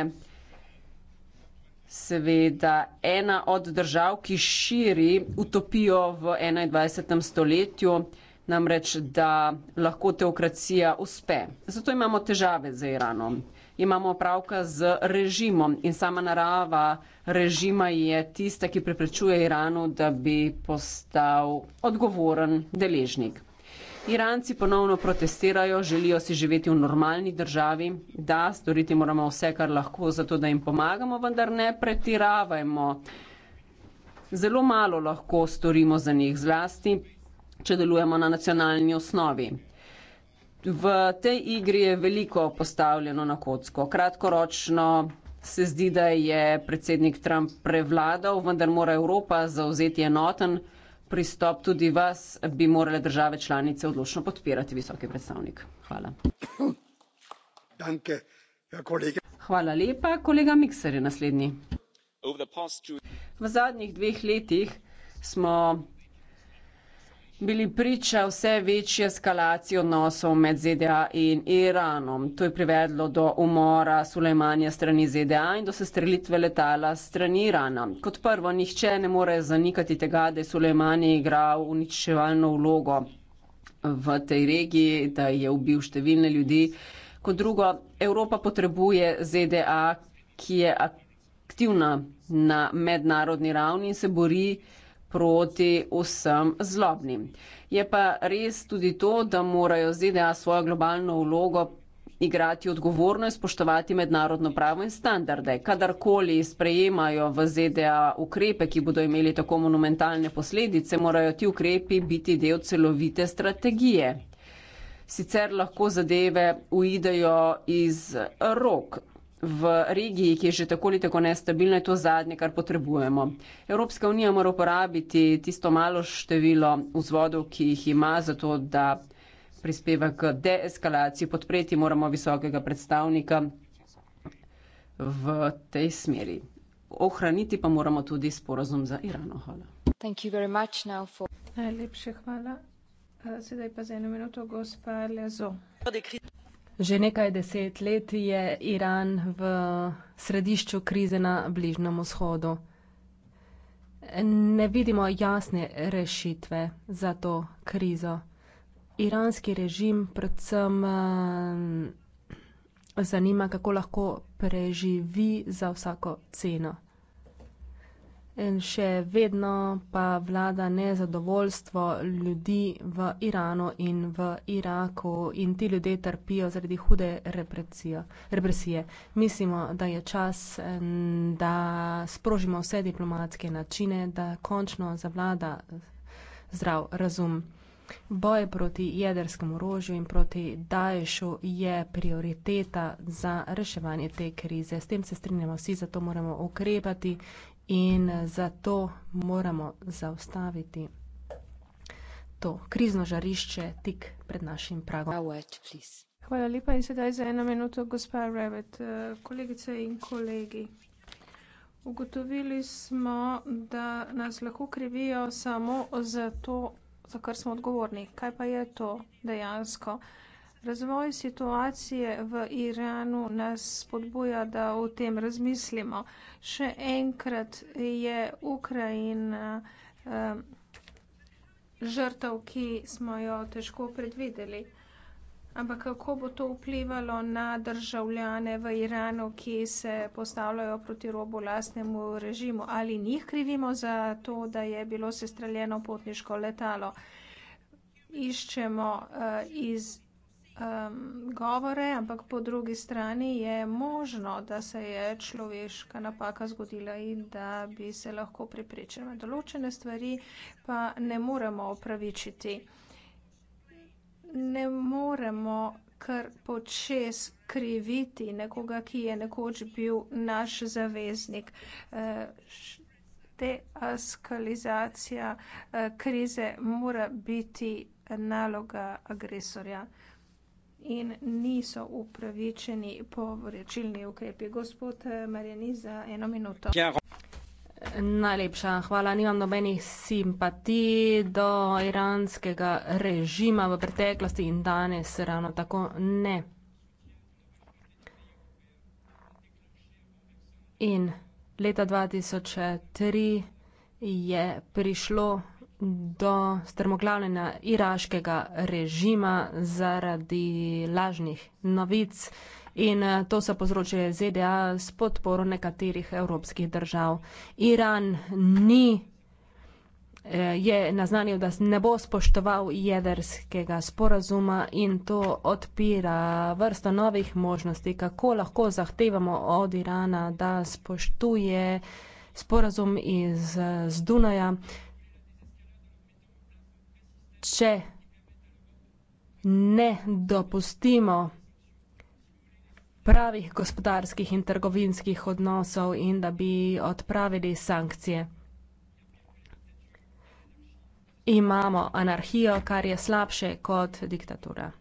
seveda ena od držav, ki širi utopijo v 21. stoletju namreč da lahko teokracija uspe. Zato imamo težave z Iranom. Imamo opravka z režimom in sama narava režima je tista, ki preprečuje Iranu, da bi postal odgovoren deležnik. Iranci ponovno protestirajo, želijo si živeti v normalni državi, da storiti moramo vse, kar lahko, zato da jim pomagamo, vendar ne pretiravajmo. Zelo malo lahko storimo za njih zlasti, če delujemo na nacionalni osnovi. V tej igri je veliko postavljeno na kocko. Kratkoročno se zdi, da je predsednik Trump prevladal, vendar mora Evropa zauzeti enoten pristop. Tudi vas bi morale države članice odločno podpirati, visoki predstavnik. Hvala. Danke, ja, kolega. Hvala lepa. Kolega Mikser je naslednji. V zadnjih dveh letih smo bili priča vse večje eskalacije odnosov med ZDA in Iranom. To je privedlo do umora Sulejmanja strani ZDA in do sestrelitve letala strani Irana. Kot prvo, nihče ne more zanikati tega, da je Sulejmanje igral uničevalno vlogo v tej regiji, da je ubil številne ljudi. Kot drugo, Evropa potrebuje ZDA, ki je aktivna na mednarodni ravni in se bori proti vsem zlobnim. Je pa res tudi to, da morajo ZDA svojo globalno vlogo igrati odgovorno in spoštovati mednarodno pravo in standarde. Kadarkoli sprejemajo v ZDA ukrepe, ki bodo imeli tako monumentalne posledice, morajo ti ukrepi biti del celovite strategije. Sicer lahko zadeve uidejo iz rok v regiji, ki je že tako ali tako nestabilna, je to zadnje, kar potrebujemo. Evropska unija mora uporabiti tisto malo število vzvodov, ki jih ima, zato da prispeva k deeskalaciji. Podpreti moramo visokega predstavnika v tej smeri. Ohraniti pa moramo tudi sporazum za Irano. Hvala. For... Najlepše hvala. Sedaj pa za eno minuto gospa Lezo. Že nekaj deset let je Iran v središču krize na Bližnjem vzhodu. Ne vidimo jasne rešitve za to krizo. Iranski režim predvsem eh, zanima, kako lahko preživi za vsako ceno. In še vedno pa vlada nezadovoljstvo ljudi v Iranu in v Iraku in ti ljudje trpijo zaradi hude represije. Mislimo, da je čas, da sprožimo vse diplomatske načine, da končno zavlada zdrav razum. Boj proti jedrskemu orožju in proti Daješu je prioriteta za reševanje te krize. S tem se strinjamo vsi, zato moramo ukrepati in eh, zato moramo zaustaviti to krizno žarišče tik pred našim pragom. Hvala lepa in sedaj za eno minuto, gospa Revet, eh, kolegice in kolegi. Ugotovili smo, da nas lahko krivijo samo za to, za kar smo odgovorni. Kaj pa je to dejansko? Razvoj situacije v Iranu nas spodbuja, da o tem razmislimo. Še enkrat je Ukrajina um, žrtev, ki smo jo težko predvideli. Ampak kako bo to vplivalo na državljane v Iranu, ki se postavljajo proti robu lastnemu režimu? Ali njih krivimo za to, da je bilo sestreljeno potniško letalo? Iščemo uh, iz um, govore, ampak po drugi strani je možno, da se je človeška napaka zgodila in da bi se lahko pripričala. Določene stvari pa ne moremo opravičiti. Ne moremo kar počes kriviti nekoga, ki je nekoč bil naš zaveznik. Deaskalizacija eh, eh, krize mora biti naloga agresorja in niso upravičeni po vrečilni ukrepi. Gospod eh, Marjani, za eno minuto. Ja. Najlepša hvala. Nimam nobenih simpatij do iranskega režima v preteklosti in danes ravno tako ne. In leta 2003 je prišlo do strmoglavljanja iraškega režima zaradi lažnih novic in eh, to se povzročuje ZDA s podporo nekaterih evropskih držav. Iran ni eh, je naznanil, da ne bo spoštoval jedrskega sporazuma in to odpira vrsto novih možnosti, kako lahko zahtevamo od Irana, da spoštuje sporazum iz Dunaja če ne dopustimo pravih gospodarskih in trgovinskih odnosov in da bi odpravili sankcije. Imamo anarhijo, kar je slabše kot diktatura.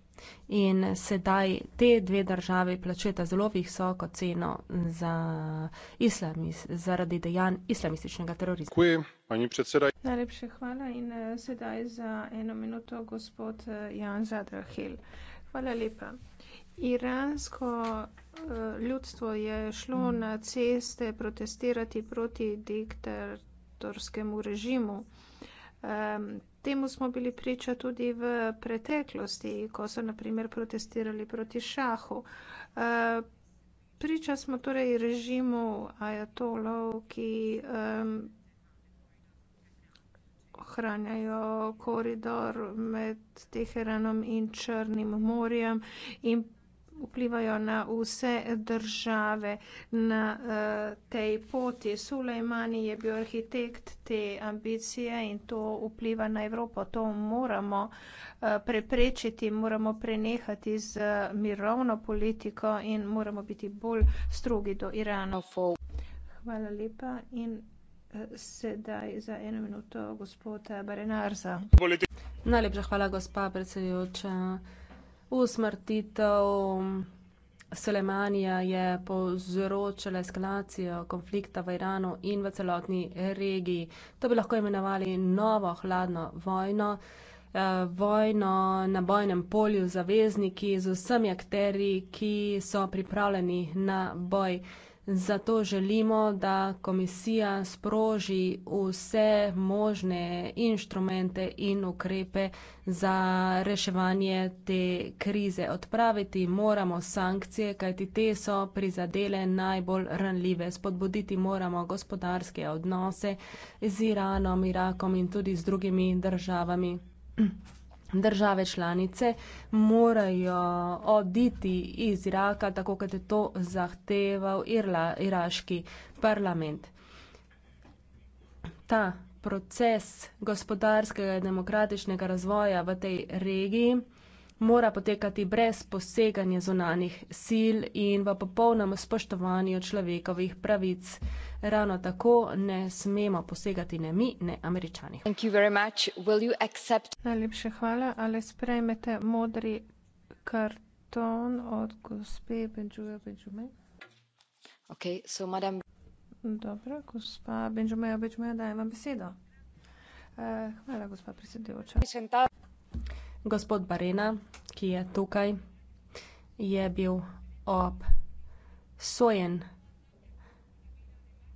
In sedaj te dve državi plačujeta zelo visoko ceno za islamis, zaradi dejanj islamističnega terorizma. Kuj, Najlepše hvala in eh, sedaj za eno minuto gospod eh, Jan Zadrahil. Hvala lepa. Iransko eh, ljudstvo je šlo hmm. na ceste protestirati proti diktatorskemu režimu. Um, Temu smo bili priča tudi v preteklosti, ko so naprimer protestirali proti šahu. Eh, priča smo torej režimu ajatolov, ki ohranjajo koridor med Teheranom in Črnim morjem in vplivajo na vse države na uh, tej poti. Sulejmani je bil arhitekt te ambicije in to vpliva na Evropo. To moramo uh, preprečiti, moramo prenehati z eh, mirovno politiko in moramo biti bolj strogi do Irana. Hvala lepa in uh, sedaj za eno minuto gospod Barenarza. Najlepša hvala, gospa predsedujoča. Usmrtitev Selemanija je povzročila eskalacijo konflikta v Iranu in v celotni regiji. To bi lahko imenovali novo hladno vojno, eh, vojno na bojnem polju zavezniki z vsemi akteri, ki so pripravljeni na boj. Zato želimo, da komisija sproži vse možne inštrumente in ukrepe za reševanje te krize. Odpraviti moramo sankcije, kajti te so prizadele najbolj ranljive. Spodbuditi moramo gospodarske odnose z Iranom, Irakom in tudi z drugimi državami države članice morajo oditi iz Iraka, tako kot je to zahteval Irla, iraški parlament. Ta proces gospodarskega in demokratičnega razvoja v tej regiji mora potekati brez poseganja zunanih sil in v popolnem spoštovanju človekovih pravic. Ravno tako ne smemo posegati ne mi, ne američani. Najlepša hvala. Ali sprejmete modri karton od gospe Benjuja Benjume? Okay, so madam... Dobro, gospa Benjumeja Benjumeja, dajem vam besedo. Uh, hvala, gospa predsedujoča gospod Barena, ki je tukaj, je bil obsojen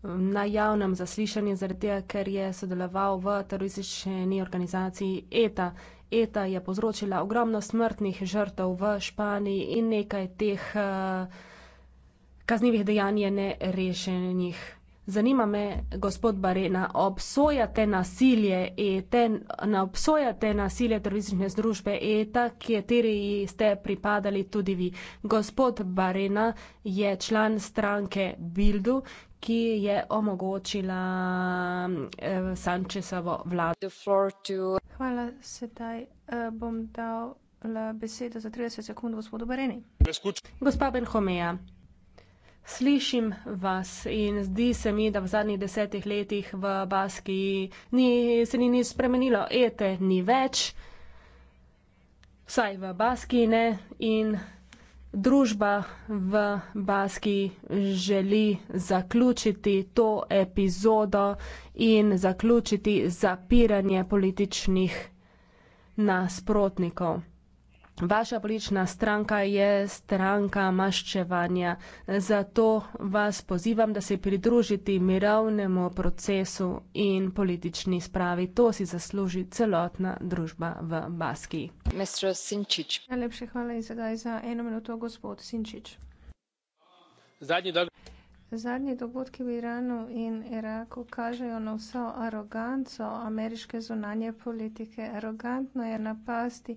na javnem zaslišanju, zaradi tega, ker je sodeloval v teroristični organizaciji ETA. ETA je povzročila ogromno smrtnih žrtev v Španiji in nekaj teh uh, kaznivih dejanj je nerešenih. Zanima me, gospod Barena, obsojate nasilje ETA, na obsojate nasilje teroristične združbe ETA, kateri ste pripadali tudi vi. Gospod Barena je član stranke Bildu, ki je omogočila eh, Sančesovo vlado. Hvala, sedaj eh, bom dal besedo za 30 sekund gospodu Bareni. Gospa Benhomeja. Slišim vas in zdi se mi, da v zadnjih desetih letih v Baski ni, se ni nič spremenilo, ete ni več, vsaj v Baski ne in družba v Baski želi zaključiti to epizodo in zaključiti zapiranje političnih nasprotnikov. Vaša politična stranka je stranka maščevanja, zato vas pozivam, da se pridružite mirovnemu procesu in politični spravi. To si zasluži celotna družba v Baski. Najlepše hvala in sedaj za eno minuto, gospod Sinčič. Zadnji dolg. Zadnji dogodki v Iranu in Iraku kažejo na vso aroganco ameriške zunanje politike. Arogantno je napasti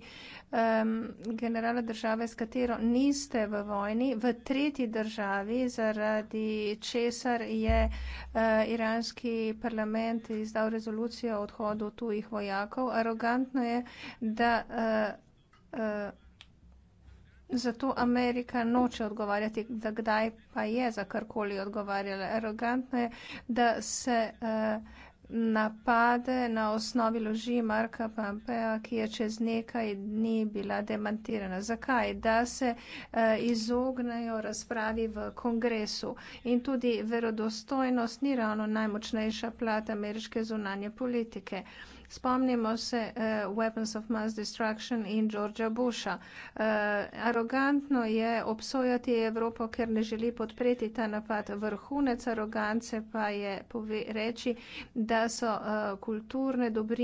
um, generala države, s katero niste v vojni, v tretji državi, zaradi česar je uh, iranski parlament izdal rezolucijo o odhodu tujih vojakov. Arogantno je, da. Uh, uh, Zato Amerika noče odgovarjati, da kdaj pa je za karkoli odgovarjala. Arogantno je, da se uh, napade na osnovi loži Marka Pampeja, ki je čez nekaj dni bila demantirana. Zakaj? Da se uh, izognejo razpravi v kongresu. In tudi verodostojnost ni ravno najmočnejša plat ameriške zunanje politike. Uh, Spomnimo se uh, Weapons of Mass Destruction in Georgea Busha. Uh, arogantno je obsojati Evropo, ker ne želi podpreti ta napad. Vrhunec arogance pa je reči, da so uh, kulturne dobrine.